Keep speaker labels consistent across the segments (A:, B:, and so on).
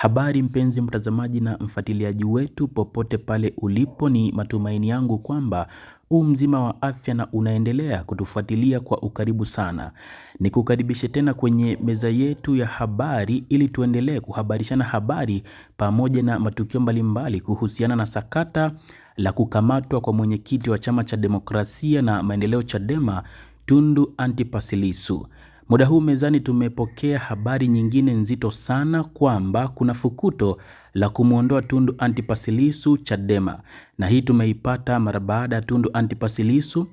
A: Habari mpenzi mtazamaji na mfuatiliaji wetu popote pale ulipo, ni matumaini yangu kwamba u mzima wa afya na unaendelea kutufuatilia kwa ukaribu sana. Nikukaribishe tena kwenye meza yetu ya habari ili tuendelee kuhabarishana habari pamoja na matukio mbalimbali kuhusiana na sakata la kukamatwa kwa mwenyekiti wa Chama cha Demokrasia na Maendeleo, Chadema, Tundu Antipas Lissu. Muda huu mezani tumepokea habari nyingine nzito sana kwamba kuna fukuto la kumwondoa Tundu Antipas Lissu Chadema, na hii tumeipata mara baada ya Tundu Antipas Lissu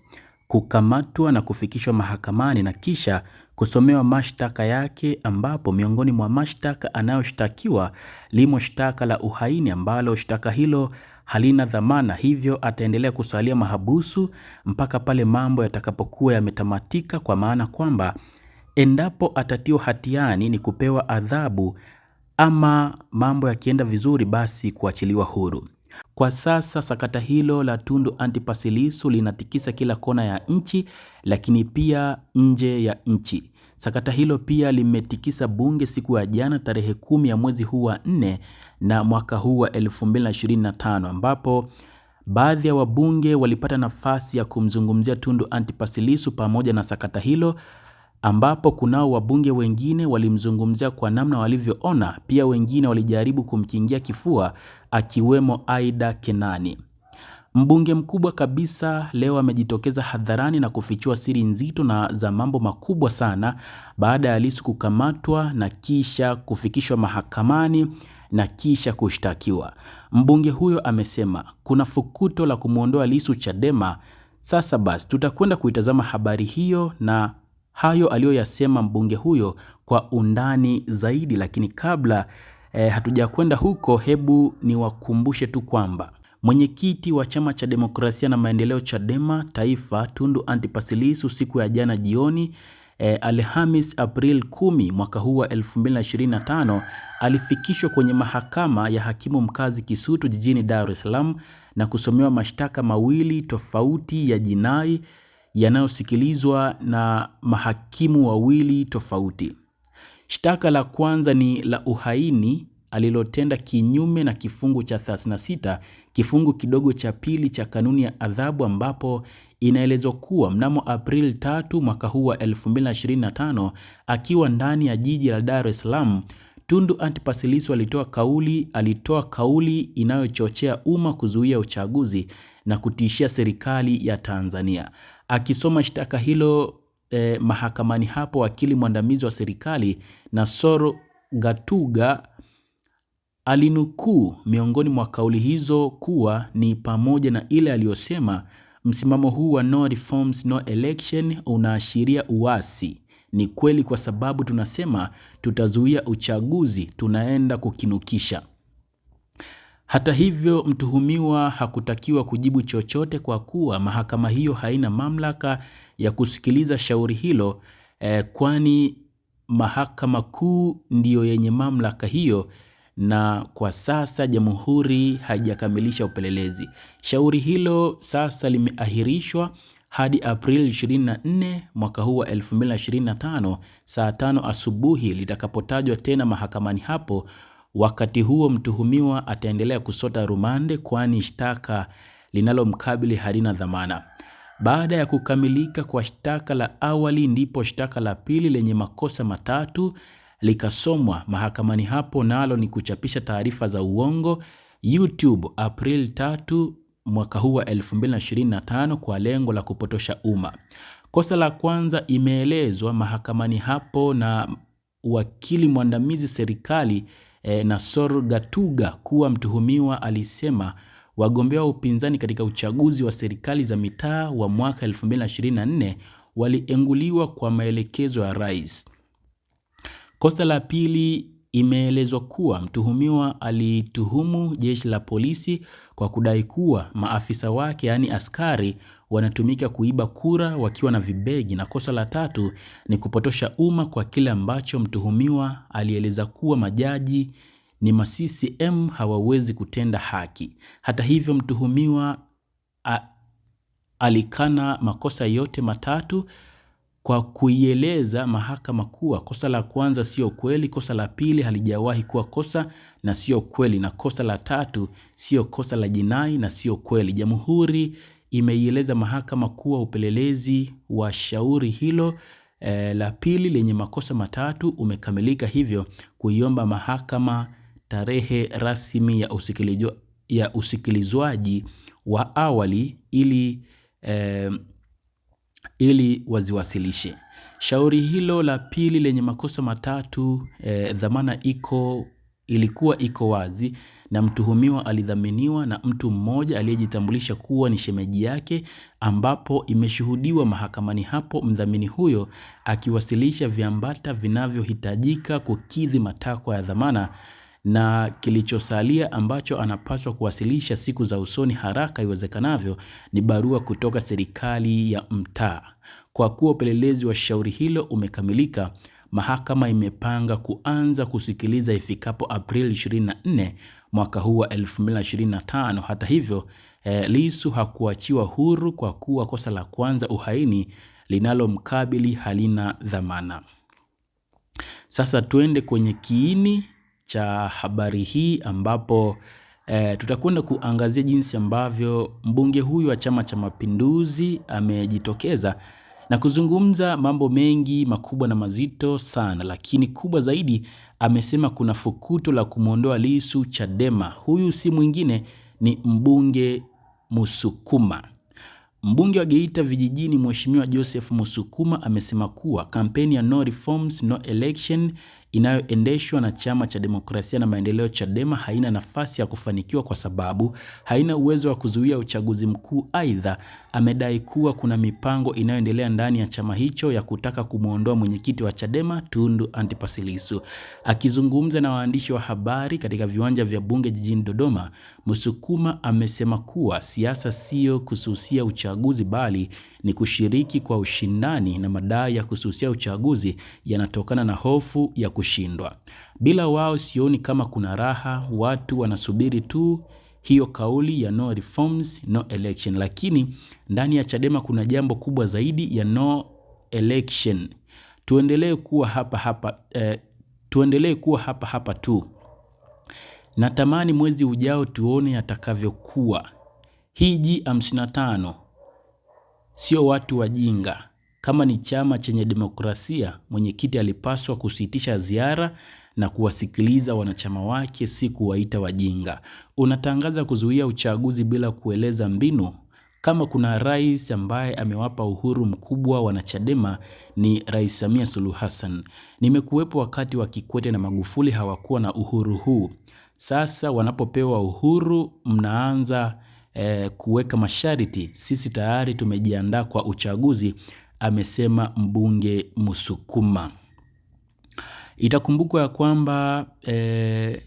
A: kukamatwa na kufikishwa mahakamani na kisha kusomewa mashtaka yake, ambapo miongoni mwa mashtaka anayoshtakiwa limo shtaka la uhaini ambalo shtaka hilo halina dhamana, hivyo ataendelea kusalia mahabusu mpaka pale mambo yatakapokuwa yametamatika, kwa maana kwamba endapo atatiwa hatiani ni kupewa adhabu, ama mambo yakienda vizuri, basi kuachiliwa huru. Kwa sasa sakata hilo la Tundu Antipas Lissu linatikisa kila kona ya nchi, lakini pia nje ya nchi. Sakata hilo pia limetikisa bunge siku ya jana tarehe kumi ya mwezi huu wa nne na mwaka huu wa 2025 ambapo baadhi ya wabunge walipata nafasi ya kumzungumzia Tundu Antipas Lissu pamoja na sakata hilo ambapo kunao wabunge wengine walimzungumzia kwa namna walivyoona. Pia wengine walijaribu kumkingia kifua, akiwemo Aida Kenani. Mbunge mkubwa kabisa leo amejitokeza hadharani na kufichua siri nzito na za mambo makubwa sana baada ya Lissu kukamatwa na kisha kufikishwa mahakamani na kisha kushtakiwa. Mbunge huyo amesema kuna fukuto la kumwondoa Lissu Chadema. Sasa basi, tutakwenda kuitazama habari hiyo na hayo aliyoyasema mbunge huyo kwa undani zaidi, lakini kabla eh, hatujakwenda huko, hebu niwakumbushe tu kwamba mwenyekiti wa chama cha demokrasia na maendeleo Chadema Taifa Tundu Antipas Lissu siku ya jana jioni E, Alhamis April 10 mwaka huu wa 2025 alifikishwa kwenye mahakama ya hakimu mkazi Kisutu jijini Dar es Salaam na kusomewa mashtaka mawili tofauti ya jinai yanayosikilizwa na mahakimu wawili tofauti. Shtaka la kwanza ni la uhaini alilotenda kinyume na kifungu cha 36 kifungu kidogo cha pili cha kanuni ya adhabu, ambapo inaelezwa kuwa mnamo Aprili 3 mwaka huu wa 2025 akiwa ndani ya jiji la Dar es Salaam, Tundu Antipas Lissu alitoa kauli alitoa kauli inayochochea umma kuzuia uchaguzi na kutishia serikali ya Tanzania. Akisoma shtaka hilo eh, mahakamani hapo, wakili mwandamizi wa serikali soro Gatuga alinukuu miongoni mwa kauli hizo kuwa ni pamoja na ile aliyosema, msimamo huu wa no reforms no election unaashiria uasi. Ni kweli, kwa sababu tunasema tutazuia uchaguzi, tunaenda kukinukisha. Hata hivyo, mtuhumiwa hakutakiwa kujibu chochote kwa kuwa mahakama hiyo haina mamlaka ya kusikiliza shauri hilo eh, kwani mahakama kuu ndiyo yenye mamlaka hiyo na kwa sasa jamhuri haijakamilisha upelelezi. Shauri hilo sasa limeahirishwa hadi Aprili 24 mwaka huu wa 2025 saa tano asubuhi litakapotajwa tena mahakamani hapo Wakati huo mtuhumiwa ataendelea kusota rumande, kwani shtaka linalomkabili halina dhamana. Baada ya kukamilika kwa shtaka la awali, ndipo shtaka la pili lenye makosa matatu likasomwa mahakamani hapo, nalo ni kuchapisha taarifa za uongo YouTube April 3 mwaka huu wa 2025 kwa lengo la kupotosha umma. Kosa la kwanza imeelezwa mahakamani hapo na wakili mwandamizi serikali e, eh, Nasor Gatuga kuwa mtuhumiwa alisema wagombea wa upinzani katika uchaguzi wa serikali za mitaa wa mwaka 2024 walienguliwa kwa maelekezo ya rais. Kosa la pili Imeelezwa kuwa mtuhumiwa alituhumu jeshi la polisi kwa kudai kuwa maafisa wake yaani askari wanatumika kuiba kura wakiwa na vibegi, na kosa la tatu ni kupotosha umma kwa kile ambacho mtuhumiwa alieleza kuwa majaji ni ma CCM hawawezi kutenda haki. Hata hivyo, mtuhumiwa a, alikana makosa yote matatu kwa kuieleza mahakama kuwa kosa la kwanza sio kweli, kosa la pili halijawahi kuwa kosa na sio kweli, na kosa la tatu sio kosa la jinai na sio kweli. Jamhuri imeieleza mahakama kuwa upelelezi wa shauri hilo e, la pili lenye makosa matatu umekamilika, hivyo kuiomba mahakama tarehe rasmi ya usikilizwaji ya usikilizwaji wa awali ili e, ili waziwasilishe. Shauri hilo la pili lenye makosa matatu, e, dhamana iko ilikuwa iko wazi na mtuhumiwa alidhaminiwa na mtu mmoja aliyejitambulisha kuwa ni shemeji yake, ambapo imeshuhudiwa mahakamani hapo mdhamini huyo akiwasilisha viambata vinavyohitajika kukidhi matakwa ya dhamana na kilichosalia ambacho anapaswa kuwasilisha siku za usoni haraka iwezekanavyo ni barua kutoka serikali ya mtaa. Kwa kuwa upelelezi wa shauri hilo umekamilika, mahakama imepanga kuanza kusikiliza ifikapo Aprili 24 mwaka huu wa 2025. Hata hivyo, eh, Lissu hakuachiwa huru kwa kuwa kosa la kwanza, uhaini, linalomkabili halina dhamana. Sasa tuende kwenye kiini cha habari hii ambapo eh, tutakwenda kuangazia jinsi ambavyo mbunge huyu wa Chama cha Mapinduzi amejitokeza na kuzungumza mambo mengi makubwa na mazito sana, lakini kubwa zaidi amesema kuna fukuto la kumwondoa lisu Chadema. Huyu si mwingine ni mbunge Musukuma. Mbunge wa Geita Vijijini, Mheshimiwa Joseph Musukuma amesema kuwa kampeni ya no reforms no election inayoendeshwa na Chama cha Demokrasia na Maendeleo Chadema haina nafasi ya kufanikiwa kwa sababu haina uwezo wa kuzuia uchaguzi mkuu. Aidha, amedai kuwa kuna mipango inayoendelea ndani ya chama hicho ya kutaka kumwondoa mwenyekiti wa Chadema Tundu Antipas Lissu. Akizungumza na waandishi wa habari katika viwanja vya bunge jijini Dodoma, msukuma amesema kuwa siasa siyo kususia uchaguzi bali ni kushiriki kwa ushindani na madai ya kususia uchaguzi yanatokana na hofu ya kushindwa. Bila wao sioni kama kuna raha, watu wanasubiri tu hiyo kauli ya no reforms, no election. Lakini ndani ya Chadema kuna jambo kubwa zaidi ya no election. Tuendelee kuwa hapa hapa, eh, tuendelee kuwa hapa hapa tu. Natamani mwezi ujao tuone yatakavyokuwa. Hiji 55 sio watu wajinga. Kama ni chama chenye demokrasia, mwenyekiti alipaswa kusitisha ziara na kuwasikiliza wanachama wake, si kuwaita wajinga. Unatangaza kuzuia uchaguzi bila kueleza mbinu. Kama kuna rais ambaye amewapa uhuru mkubwa wanachadema ni Rais Samia Suluhu Hassan. Nimekuwepo wakati wa Kikwete na Magufuli, hawakuwa na uhuru huu. Sasa wanapopewa uhuru, mnaanza eh, kuweka masharti, sisi tayari tumejiandaa kwa uchaguzi, amesema mbunge Musukuma. Itakumbukwa ya kwamba eh,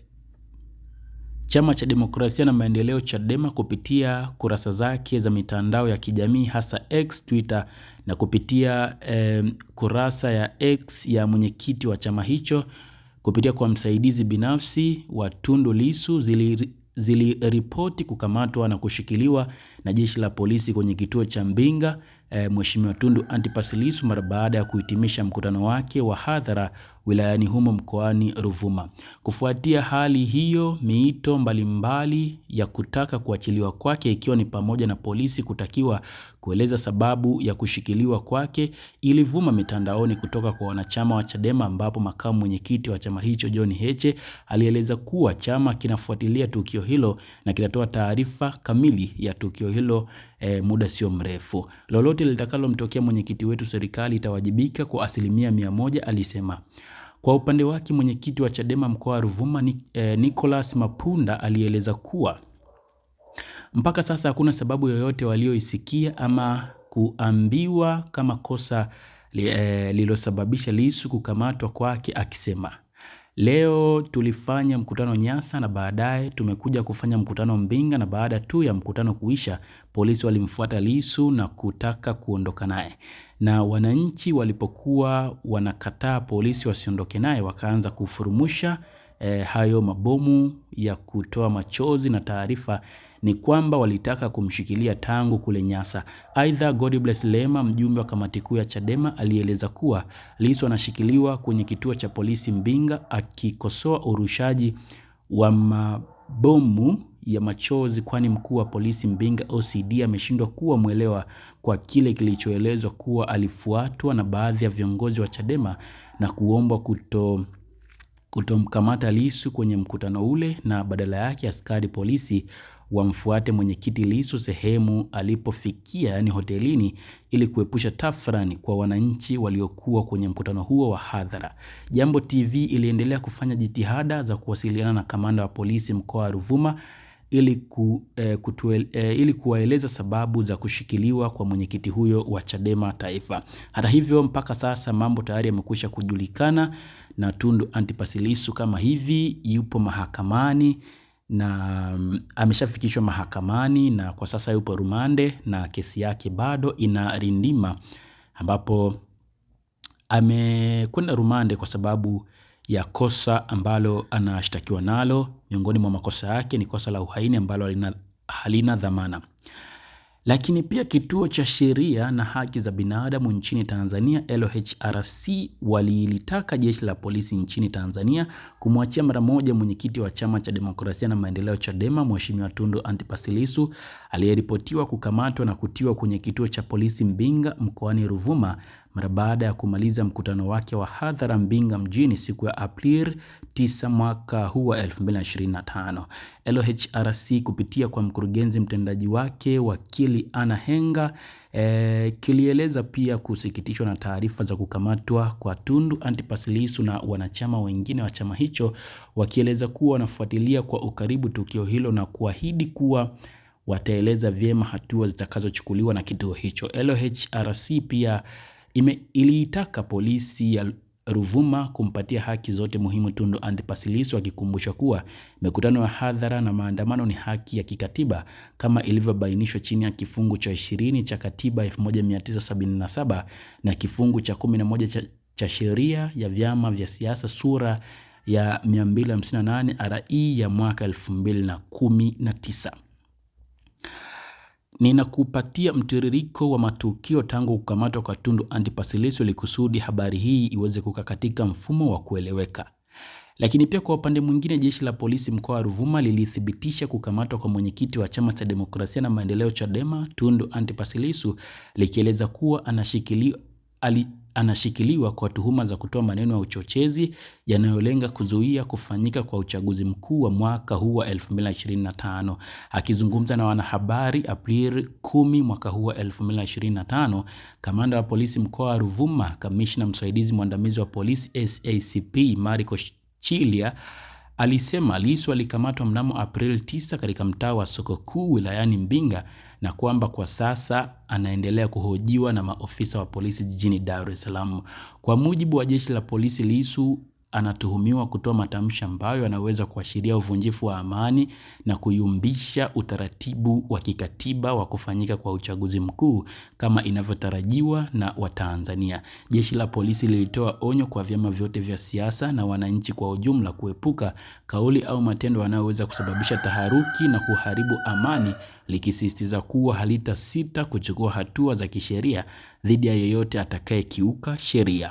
A: Chama cha Demokrasia na Maendeleo Chadema kupitia kurasa zake za mitandao ya kijamii hasa X Twitter na kupitia eh, kurasa ya X ya mwenyekiti wa chama hicho kupitia kwa msaidizi binafsi wa Tundu Lissu ziliripoti kukamatwa na kushikiliwa na jeshi la polisi kwenye kituo cha Mbinga, e, Mheshimiwa Tundu Antipas Lissu mara baada ya kuhitimisha mkutano wake wa hadhara wilayani humo mkoani Ruvuma. Kufuatia hali hiyo, miito mbalimbali ya kutaka kuachiliwa kwake ikiwa ni pamoja na polisi kutakiwa kueleza sababu ya kushikiliwa kwake ilivuma mitandaoni kutoka kwa wanachama wa Chadema, ambapo makamu mwenyekiti wa chama hicho John Heche alieleza kuwa chama kinafuatilia tukio hilo na kitatoa taarifa kamili ya tukio hilo e, muda sio mrefu. Lolote litakalomtokea mwenyekiti wetu, serikali itawajibika kwa asilimia mia moja, alisema. Kwa upande wake mwenyekiti wa Chadema mkoa wa Ruvuma ni, eh, Nicholas Mapunda alieleza kuwa mpaka sasa hakuna sababu yoyote walioisikia ama kuambiwa kama kosa lililosababisha eh, Lissu kukamatwa kwake akisema Leo tulifanya mkutano Nyasa na baadaye tumekuja kufanya mkutano Mbinga na baada tu ya mkutano kuisha, polisi walimfuata lisu na kutaka kuondoka naye. Na wananchi walipokuwa wanakataa polisi wasiondoke naye, wakaanza kufurumusha eh, hayo mabomu ya kutoa machozi na taarifa ni kwamba walitaka kumshikilia tangu kule Nyasa. Aidha, Godbless Lema, mjumbe wa kamati kuu ya Chadema, alieleza kuwa Lissu anashikiliwa kwenye kituo cha polisi Mbinga akikosoa urushaji wa mabomu ya machozi, kwani mkuu wa polisi Mbinga OCD ameshindwa kuwa mwelewa kwa kile kilichoelezwa kuwa alifuatwa na baadhi ya viongozi wa Chadema na kuombwa kuto kutomkamata Lisu kwenye mkutano ule na badala yake askari polisi wamfuate mwenyekiti Lisu sehemu alipofikia, yani hotelini, ili kuepusha tafrani kwa wananchi waliokuwa kwenye mkutano huo wa hadhara. Jambo TV iliendelea kufanya jitihada za kuwasiliana na kamanda wa polisi mkoa wa Ruvuma ili, ku, eh, kutuel, eh, ili kuwaeleza sababu za kushikiliwa kwa mwenyekiti huyo wa Chadema Taifa. Hata hivyo, mpaka sasa mambo tayari yamekwisha kujulikana na Tundu Antipas Lissu kama hivi, yupo mahakamani na mm, ameshafikishwa mahakamani na kwa sasa yupo rumande na kesi yake bado inarindima, ambapo amekwenda rumande kwa sababu ya kosa ambalo anashtakiwa nalo. Miongoni mwa makosa yake ni kosa la uhaini ambalo halina dhamana. Lakini pia kituo cha sheria na haki za binadamu nchini Tanzania LHRC walilitaka jeshi la polisi nchini Tanzania kumwachia mara moja mwenyekiti wa chama cha demokrasia na maendeleo Chadema, Mheshimiwa Tundu Antipas Lissu aliyeripotiwa kukamatwa na kutiwa kwenye kituo cha polisi Mbinga mkoani Ruvuma mara baada ya kumaliza mkutano wake wa hadhara Mbinga mjini siku ya April 9 mwaka huu wa 2025. LHRC kupitia kwa mkurugenzi mtendaji wake wakili Anna Henga e, kilieleza pia kusikitishwa na taarifa za kukamatwa kwa Tundu Antipas Lissu na wanachama wengine wa chama hicho, wakieleza kuwa wanafuatilia kwa ukaribu tukio hilo na kuahidi kuwa wataeleza vyema hatua zitakazochukuliwa na kituo hicho. LHRC pia ime, iliitaka polisi ya Ruvuma kumpatia haki zote muhimu Tundu Antipas Lissu akikumbusha kuwa mikutano ya hadhara na maandamano ni haki ya kikatiba kama ilivyobainishwa chini ya kifungu cha 20 cha katiba 1977 na kifungu cha 11 cha, cha sheria ya vyama vya siasa sura ya 258 RE ya mwaka 2019. Ninakupatia mtiririko wa matukio tangu kukamatwa kwa Tundu Antipas Lissu ili kusudi habari hii iweze kukaa katika mfumo wa kueleweka. Lakini pia kwa upande mwingine, jeshi la polisi mkoa wa Ruvuma lilithibitisha kukamatwa kwa mwenyekiti wa chama cha demokrasia na maendeleo Chadema Tundu Antipas Lissu likieleza kuwa anashikiliwa anashikiliwa kwa tuhuma za kutoa maneno ya uchochezi yanayolenga kuzuia kufanyika kwa uchaguzi mkuu wa mwaka huu wa 2025. Akizungumza na wanahabari Aprili 10 mwaka huu wa 2025, kamanda wa polisi mkoa wa Ruvuma, kamishna msaidizi mwandamizi wa polisi SACP Marco Chilia alisema Lissu alikamatwa mnamo Aprili 9 katika mtaa wa soko kuu wilayani Mbinga na kwamba kwa sasa anaendelea kuhojiwa na maofisa wa polisi jijini Dar es Salaam. Kwa mujibu wa jeshi la polisi, Lissu anatuhumiwa kutoa matamshi ambayo yanaweza kuashiria uvunjifu wa amani na kuyumbisha utaratibu wa kikatiba wa kufanyika kwa uchaguzi mkuu kama inavyotarajiwa na Watanzania. Jeshi la polisi lilitoa onyo kwa vyama vyote vya siasa na wananchi kwa ujumla kuepuka kauli au matendo yanayoweza kusababisha taharuki na kuharibu amani, likisisitiza kuwa halitasita kuchukua hatua za kisheria dhidi ya yeyote atakayekiuka sheria.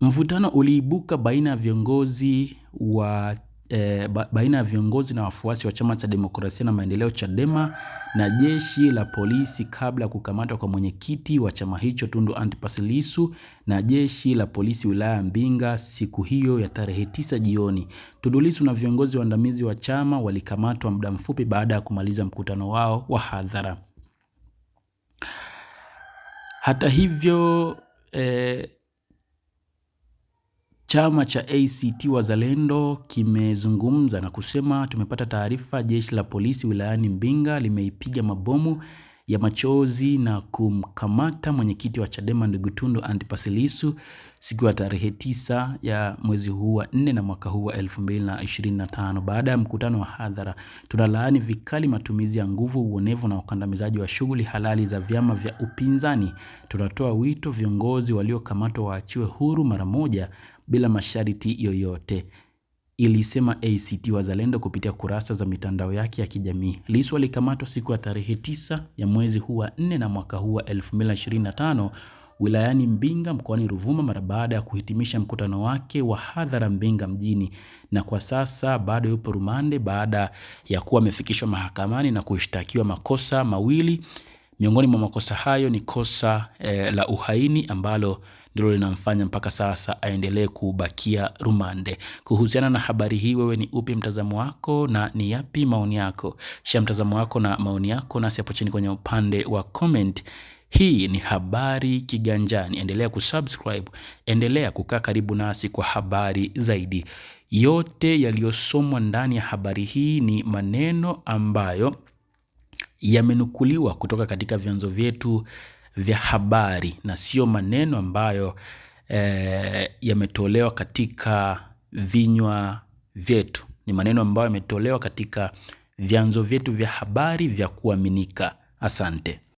A: Mvutano uliibuka baina ya viongozi wa e, baina ya viongozi na wafuasi wa Chama cha Demokrasia na Maendeleo Chadema na jeshi la polisi kabla ya kukamatwa kwa mwenyekiti wa chama hicho Tundu Antipas Lissu na jeshi la polisi wilaya ya Mbinga siku hiyo ya tarehe tisa jioni. Tundu Lissu na viongozi waandamizi wa chama walikamatwa muda mfupi baada ya kumaliza mkutano wao wa hadhara. Hata hivyo eh, Chama cha ACT Wazalendo kimezungumza na kusema, tumepata taarifa jeshi la polisi wilayani Mbinga limeipiga mabomu ya machozi na kumkamata mwenyekiti wa Chadema ndugu Tundu Antipas Lissu siku ya tarehe tisa ya mwezi huu wa nne na mwaka huu wa 2025 baada ya mkutano wa hadhara. Tunalaani vikali matumizi ya nguvu, uonevu na ukandamizaji wa shughuli halali za vyama vya upinzani. Tunatoa wito viongozi waliokamatwa waachiwe huru mara moja, bila masharti yoyote, ilisema ACT Wazalendo kupitia kurasa za mitandao yake ya kijamii. Lissu alikamatwa siku ya tarehe tisa ya mwezi huu wa nne na mwaka huu wa 2025 wilayani Mbinga mkoani Ruvuma mara baada ya kuhitimisha mkutano wake wa hadhara Mbinga mjini, na kwa sasa bado yupo rumande baada ya kuwa amefikishwa mahakamani na kushtakiwa makosa mawili. Miongoni mwa makosa hayo ni kosa eh, la uhaini ambalo ndilo linamfanya mpaka sasa aendelee kubakia rumande. Kuhusiana na habari hii, wewe ni upi mtazamo wako na ni yapi maoni yako? Shia mtazamo wako na maoni yako nasi hapo chini kwenye upande wa comment. Hii ni Habari Kiganjani. Endelea kusubscribe, endelea kukaa karibu nasi kwa habari zaidi. Yote yaliyosomwa ndani ya habari hii ni maneno ambayo yamenukuliwa kutoka katika vyanzo vyetu vya habari na sio maneno ambayo e, yametolewa katika vinywa vyetu. Ni maneno ambayo yametolewa katika vyanzo vyetu vya habari vya kuaminika. Asante.